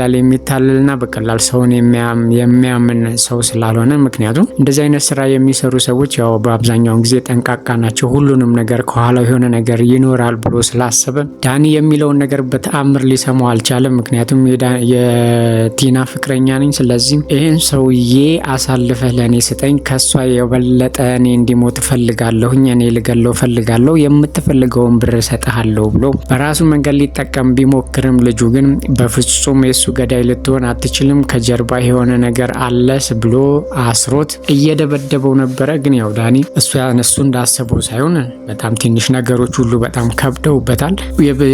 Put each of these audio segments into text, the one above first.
ቀላል የሚታለልና በቀላል ሰውን የሚያምን ሰው ስላልሆነ ምክንያቱም እንደዚህ አይነት ስራ የሚሰሩ ሰዎች ያው በአብዛኛውን ጊዜ ጠንቃቃ ናቸው። ሁሉንም ነገር ከኋላ የሆነ ነገር ይኖራል ብሎ ስላሰበ ዳኒ የሚለውን ነገር በተአምር ሊሰማው አልቻለም። ምክንያቱም የቲና ፍቅረኛ ነኝ፣ ስለዚህ ይህን ሰውዬ አሳልፈህ ለእኔ ስጠኝ፣ ከሷ የበለጠ እኔ እንዲሞት እፈልጋለሁኝ፣ እኔ ልገለው እፈልጋለሁ፣ የምትፈልገውን ብር እሰጥሃለሁ ብሎ በራሱ መንገድ ሊጠቀም ቢሞክርም ልጁ ግን በፍጹም የሱ ገዳይ ልትሆን አትችልም፣ ከጀርባ የሆነ ነገር አለስ ብሎ አስሮት እየደበደበው ነበረ። ግን ያው ዳኒ እሱ ያነሱ እንዳሰበው ሳይሆን በጣም ትንሽ ነገሮች ሁሉ በጣም ከብደውበታል።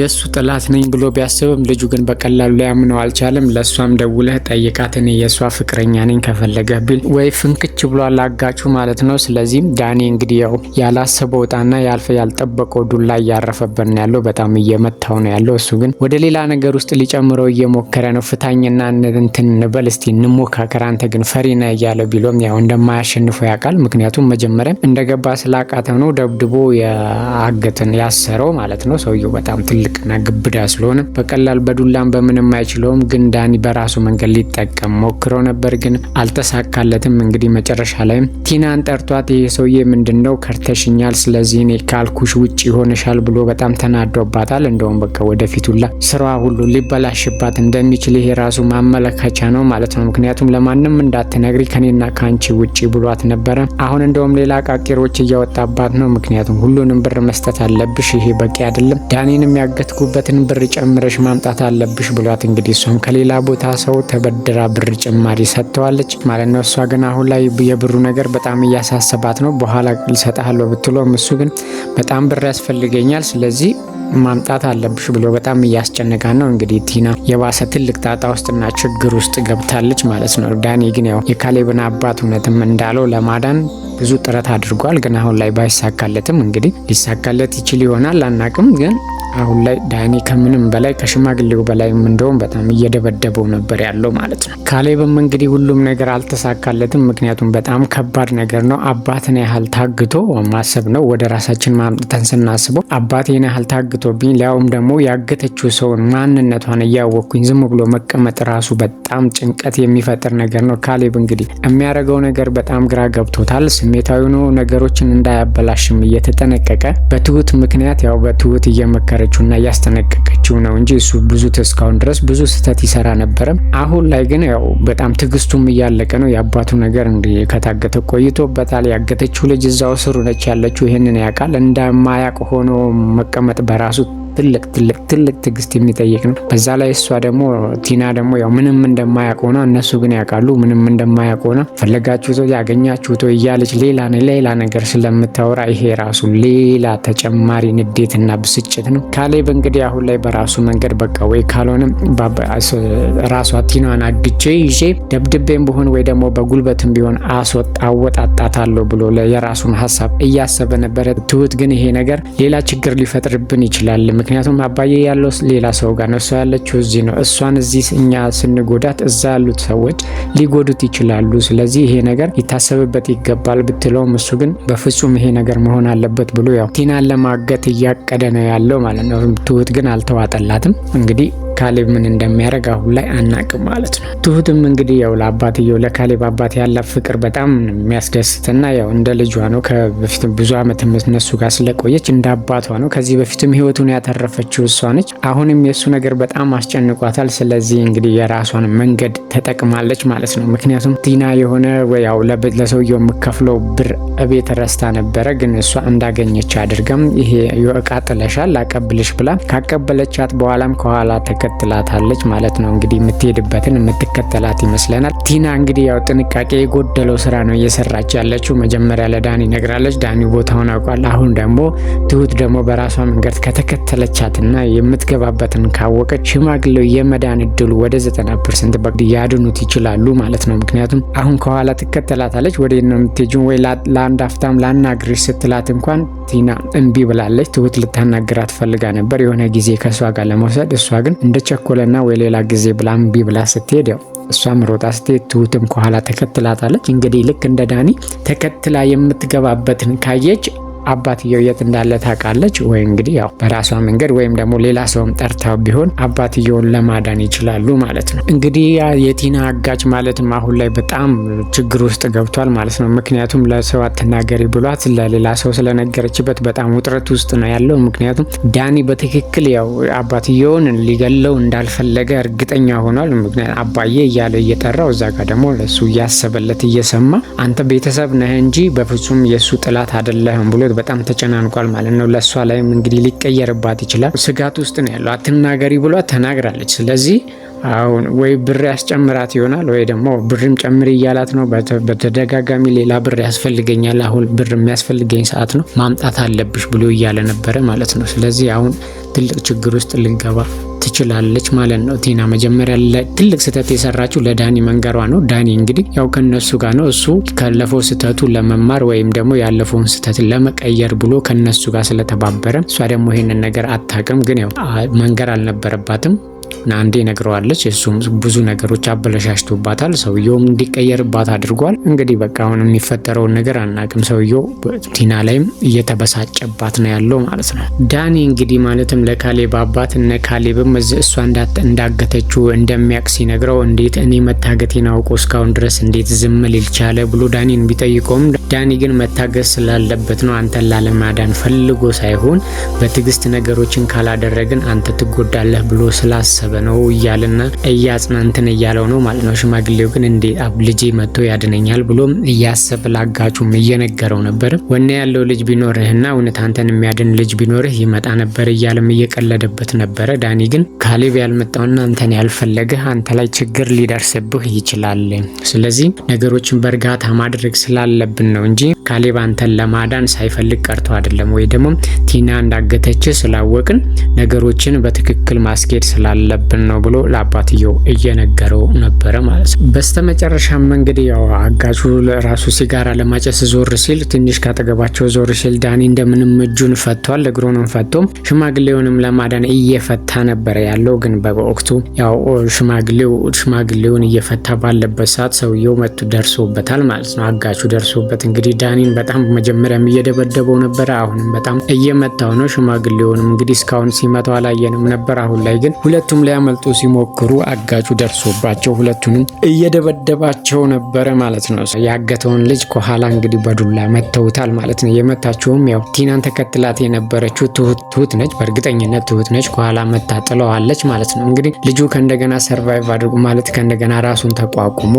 የእሱ ጥላት ነኝ ብሎ ቢያስብም ልጁ ግን በቀላሉ ሊያምነው አልቻለም። ለእሷም ደውለህ ጠይቃት፣ እኔ የእሷ ፍቅረኛ ነኝ ከፈለገ ቢል ወይ ፍንክች ብሎ አላጋጩ ማለት ነው። ስለዚህም ዳኒ እንግዲህ ያው ያላሰበው እጣና ያልፈ ያልጠበቀው ዱላ እያረፈበት ነው ያለው። በጣም እየመታው ነው ያለው። እሱ ግን ወደ ሌላ ነገር ውስጥ ሊጨምረው እየሞከረ ነው። ፍታኝና እንትን በል እስቲ እንሞካከር፣ አንተ ግን ፈሪ ነህ እያለ ቢሎም ያው እንደማያሸንፈው ያውቃል። ምክንያቱም መጀመሪያም እንደገባ ስላቃተ ነው ደብድቦ የአገትን ያሰረው ማለት ነው። ሰውየው በጣም ትልቅና ግብዳ ስለሆነ በቀላል በዱላም በምንም አይችለውም። ግን ዳኒ በራሱ መንገድ ሊጠቀም ሞክረው ነበር፣ ግን አልተሳካለትም። እንግዲህ መጨረሻ ላይም ቲናን ጠርቷት ይሄ ሰውዬ ምንድን ነው ከርተሽኛል፣ ስለዚህ እኔ ካልኩሽ ውጭ ይሆንሻል ብሎ በጣም ተናዶባታል። እንደውም በቃ ወደፊት ሁላ ስራዋ ሁሉ ሊበላሽባት እንደሚችል ይሄ የራሱ ማመለከቻ ነው ማለት ነው። ምክንያቱም ለማንም እንዳትነግሪ ከኔና ከአንቺ ውጪ ብሏት ነበረ። አሁን እንደውም ሌላ ቃቂሮች እያወጣባት ነው። ምክንያቱም ሁሉንም ብር መስጠት አለብሽ፣ ይሄ በቂ አይደለም፣ ዳኔንም ያገትኩበትን ብር ጨምረሽ ማምጣት አለብሽ ብሏት እንግዲህ እሷም ከሌላ ቦታ ሰው ተበድራ ብር ጭማሪ ሰጥተዋለች ማለት ነው። እሷ ግን አሁን ላይ የብሩ ነገር በጣም እያሳሰባት ነው። በኋላ ልሰጠሃለሁ ብትሎም እሱ ግን በጣም ብር ያስፈልገኛል ስለዚህ ማምጣት አለብሽ ብሎ በጣም እያስጨነቃ ነው። እንግዲህ ቲና የባሰ ትልቅ ጣጣ ውስጥና ችግር ውስጥ ገብታለች ማለት ነው። ዳኒ ግን ያው የካሌብን አባት እውነትም እንዳለው ለማዳን ብዙ ጥረት አድርጓል። ግን አሁን ላይ ባይሳካለትም እንግዲህ ሊሳካለት ይችል ይሆናል አናቅም ግን አሁን ላይ ዳኒ ከምንም በላይ ከሽማግሌው በላይ እንደውም በጣም እየደበደበው ነበር ያለው ማለት ነው። ካሌብም እንግዲህ ሁሉም ነገር አልተሳካለትም። ምክንያቱም በጣም ከባድ ነገር ነው። አባትን ያህል ታግቶ ማሰብ ነው። ወደ ራሳችን ማምጥተን ስናስበው አባቴን ያህል ታግቶብኝ ሊያውም ደግሞ ያገተችው ሰውን ማንነቷን እያወቅኩኝ ዝም ብሎ መቀመጥ ራሱ በጣም ጭንቀት የሚፈጥር ነገር ነው። ካሌብ እንግዲህ የሚያደርገው ነገር በጣም ግራ ገብቶታል። ስሜታዊ ነገሮችን እንዳያበላሽም እየተጠነቀቀ በትሁት ምክንያት ያው በትሁት እየመከረ እየመከረችውና እያስጠነቀቀችው ነው እንጂ እሱ ብዙ እስካሁን ድረስ ብዙ ስህተት ይሰራ ነበረ። አሁን ላይ ግን ያው በጣም ትግስቱም እያለቀ ነው። የአባቱ ነገር እንዲ ከታገተ ቆይቶበታል። ያገተችው ልጅ እዛው ስሩ ነች ያለችው። ይህንን ያውቃል። እንደማያውቅ ሆኖ መቀመጥ በራሱ ትልቅ ትልቅ ትልቅ ትግስት የሚጠይቅ ነው። በዛ ላይ እሷ ደግሞ ቲና ደግሞ ያው ምንም እንደማያውቅ ሆና እነሱ ግን ያውቃሉ ምንም እንደማያውቅ ሆና ፈለጋችሁት ያገኛችሁት እያለች ሌላ ሌላ ነገር ስለምታወራ ይሄ ራሱ ሌላ ተጨማሪ ንዴትና ብስጭት ነው። ካሌብ እንግዲህ አሁን ላይ በራሱ መንገድ በቃ ወይ ካልሆነም ራሷ ቲናን አግቼ ይዤ ደብድቤም ቢሆን ወይ ደግሞ በጉልበትም ቢሆን አወጣጣታለሁ ብሎ የራሱን ሀሳብ እያሰበ ነበረ። ትሁት ግን ይሄ ነገር ሌላ ችግር ሊፈጥርብን ይችላል ምክንያቱም አባዬ ያለው ሌላ ሰው ጋር ነው፣ እሷ ያለችው እዚህ ነው። እሷን እዚህ እኛ ስንጎዳት እዛ ያሉት ሰዎች ሊጎዱት ይችላሉ። ስለዚህ ይሄ ነገር ይታሰብበት ይገባል ብትለውም እሱ ግን በፍጹም ይሄ ነገር መሆን አለበት ብሎ ያው ቲናን ለማገት እያቀደ ነው ያለው ማለት ነው። ትሁት ግን አልተዋጠላትም እንግዲህ ካሌብ ምን እንደሚያደርግ አሁን ላይ አናቅም ማለት ነው። ትሁትም እንግዲህ ያው ለአባትየው ለካሌብ አባት ያላት ፍቅር በጣም የሚያስደስትና ያው እንደ ልጇ ነው። ከበፊትም ብዙ ዓመት እነሱ ጋር ስለቆየች እንደ አባቷ ነው። ከዚህ በፊትም ህይወቱን ያተረፈችው እሷ ነች። አሁንም የእሱ ነገር በጣም አስጨንቋታል። ስለዚህ እንግዲህ የራሷን መንገድ ተጠቅማለች ማለት ነው። ምክንያቱም ቲና የሆነ ያው ለሰውየው የምከፍለው ብር እቤት ረስታ ነበረ፣ ግን እሷ እንዳገኘች አድርገም ይሄ የእቃ ጥለሻል አቀብልሽ ብላ ካቀበለቻት በኋላም ከኋላ ተከ ታስከትላታለች ማለት ነው። እንግዲህ የምትሄድበትን የምትከተላት ይመስለናል። ቲና እንግዲህ ያው ጥንቃቄ የጎደለው ስራ ነው እየሰራች ያለችው። መጀመሪያ ለዳኒ ነግራለች፣ ዳኒ ቦታውን አውቋል። አሁን ደግሞ ትሁት ደግሞ በራሷ መንገድ ከተከተለቻትና የምትገባበትን ካወቀች ሽማግሌው የመዳን እድሉ ወደ 90 ፐርሰንት ያድኑት ይችላሉ ማለት ነው። ምክንያቱም አሁን ከኋላ ትከተላታለች። ወደ ነው የምትሄጂው ወይ ለአንድ አፍታም ላናግርሽ ስትላት እንኳን ቲና እምቢ ብላለች። ትሁት ልታናግራት ፈልጋ ነበር የሆነ ጊዜ ከእሷ ጋር ለመውሰድ እሷ ግን እንደ ቸኮለና ወይ ሌላ ጊዜ ብላም ቢ ብላ ስትሄድ ያው እሷም ሮጣ ስትሄድ ትሁትም ከኋላ ተከትላታለች። እንግዲህ ልክ እንደ ዳኒ ተከትላ የምትገባበትን ካየች አባትየው የት እንዳለ ታውቃለች ወይ? እንግዲህ ያው በራሷ መንገድ ወይም ደግሞ ሌላ ሰውም ጠርታው ቢሆን አባትየውን ለማዳን ይችላሉ ማለት ነው። እንግዲህ የቲና አጋች ማለትም አሁን ላይ በጣም ችግር ውስጥ ገብቷል ማለት ነው። ምክንያቱም ለሰው አትናገሪ ብሏት ለሌላ ሰው ስለነገረችበት በጣም ውጥረት ውስጥ ነው ያለው። ምክንያቱም ዳኒ በትክክል ያው አባትየውን ሊገለው እንዳልፈለገ እርግጠኛ ሆኗል። ምክንያቱም አባዬ እያለ እየጠራው እዛ ጋር ደግሞ ለሱ እያሰበለት እየሰማ አንተ ቤተሰብ ነህ እንጂ በፍጹም የእሱ ጥላት አይደለህም ብሎት በጣም ተጨናንቋል ማለት ነው። ለእሷ ላይም እንግዲህ ሊቀየርባት ይችላል። ስጋት ውስጥ ነው ያለው። አትናገሪ ብሏ ተናግራለች። ስለዚህ አሁን ወይ ብር ያስጨምራት ይሆናል ወይ ደግሞ ብርም ጨምሪ እያላት ነው። በተደጋጋሚ ሌላ ብር ያስፈልገኛል፣ አሁን ብር የሚያስፈልገኝ ሰዓት ነው፣ ማምጣት አለብሽ ብሎ እያለ ነበረ ማለት ነው። ስለዚህ አሁን ትልቅ ችግር ውስጥ ልንገባ ትችላለች ማለት ነው። ቲና መጀመሪያ ትልቅ ስህተት የሰራችው ለዳኒ መንገሯ ነው። ዳኒ እንግዲህ ያው ከነሱ ጋር ነው እሱ ካለፈው ስህተቱ ለመማር ወይም ደግሞ ያለፈውን ስህተት ለመቀየር ብሎ ከነሱ ጋር ስለተባበረ እሷ ደግሞ ይሄንን ነገር አታውቅም። ግን ያው መንገር አልነበረባትም። ናንዴ ነግረዋለች። እሱም ብዙ ነገሮች አበለሻሽቶባታል። ሰውየውም እንዲቀየርባት አድርጓል። እንግዲህ በቃ አሁን የሚፈጠረውን ነገር አናቅም። ሰውየው ቲና ላይም እየተበሳጨባት ነው ያለው ማለት ነው። ዳኒ እንግዲህ ማለትም ለካሌብ አባት እነ ካሌብም እሷ እንዳገተችው እንደሚያቅ ሲነግረው እንዴት እኔ መታገቴን አውቆ እስካሁን ድረስ እንዴት ዝም ሊል ቻለ ብሎ ዳኒን ቢጠይቀውም ዳኒ ግን መታገስ ስላለበት ነው አንተን ላለማዳን ፈልጎ ሳይሆን በትዕግስት ነገሮችን ካላደረግን አንተ ትጎዳለህ ብሎ ስላሰበ ነው እያለና እያጽና እያለው ነው ማለት ነው። ሽማግሌው ግን እንዴ አብ ልጄ መጥቶ ያድነኛል ብሎም እያሰብ ላጋጩም እየነገረው ነበር። ወኔ ያለው ልጅ ቢኖርህና እውነት አንተን የሚያድን ልጅ ቢኖርህ ይመጣ ነበር እያለም እየቀለደበት ነበረ። ዳኒ ግን ካሌብ ያልመጣውና አንተን ያልፈለገህ አንተ ላይ ችግር ሊደርስብህ ይችላል። ስለዚህ ነገሮችን በእርጋታ ማድረግ ስላለብን ነው እንጂ ካሌብ አንተን ለማዳን ሳይፈልግ ቀርቶ አይደለም፣ ወይ ደግሞ ቲና እንዳገተች ስላወቅን ነገሮችን በትክክል ማስኬድ ስላለብን ነው ብሎ ለአባትየው እየነገረው ነበረ ማለት ነው። በስተመጨረሻም እንግዲህ ያው አጋቹ ራሱ ሲጋራ ለማጨስ ዞር ሲል ትንሽ ካጠገባቸው ዞር ሲል ዳኒ እንደምንም እጁን ፈቷል፣ እግሩንም ፈቶም ሽማግሌውንም ለማዳን እየፈታ ነበረ ያለው። ግን በወቅቱ ያው ሽማግሌው ሽማግሌውን እየፈታ ባለበት ሰዓት ሰውየው መጡ ደርሶበታል ማለት ነው። አጋቹ ደርሶበት እንግዲህ ዳኒን በጣም መጀመሪያም እየደበደበው ነበረ። አሁንም በጣም እየመታው ነው። ሽማግሌውንም እንግዲህ እስካሁን ሲመታው አላየንም ነበር። አሁን ላይ ግን ሁለቱም ሊያመልጡ ሲሞክሩ አጋጩ ደርሶባቸው ሁለቱንም እየደበደባቸው ነበረ ማለት ነው። ያገተውን ልጅ ከኋላ እንግዲህ በዱላ መተውታል ማለት ነው። የመታችውም ያው ቲናን ተከትላት የነበረችው ትሁት ነች፣ በእርግጠኝነት ትሁት ነች። ከኋላ መታ ጥለዋለች ማለት ነው። እንግዲህ ልጁ ከእንደገና ሰርቫይቭ አድርጎ ማለት ከእንደገና ራሱን ተቋቁሞ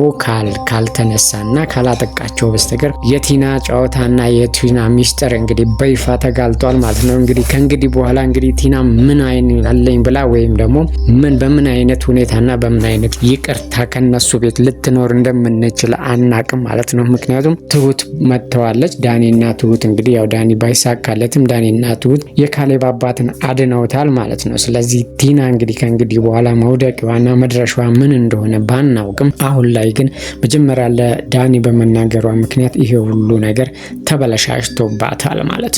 ካልተነሳና ካላጠቃቸው በስተቀር የቲና ጨዋታና የቲና ሚስጥር እንግዲህ በይፋ ተጋልጧል ማለት ነው። እንግዲህ ከእንግዲህ በኋላ እንግዲህ ቲና ምን አይን አለኝ ብላ ወይም ደግሞ ምን በምን አይነት ሁኔታና በምን አይነት ይቅርታ ከነሱ ቤት ልትኖር እንደምንችል አናቅም ማለት ነው። ምክንያቱም ትሁት መጥተዋለች። ዳኒና ትሁት እንግዲህ ያው ዳኒ ባይሳካለትም ዳኒና ትሁት የካሌብ አባትን አድነውታል ማለት ነው። ስለዚህ ቲና እንግዲህ ከእንግዲህ በኋላ መውደቂዋና መድረሻዋ ምን እንደሆነ ባናውቅም አሁን ላይ ግን መጀመሪያ ለዳኒ በመናገሯ ምክንያት ይሄ ሁሉ ነገር ነገር ተበለሻሽቶባታል ማለት ነው።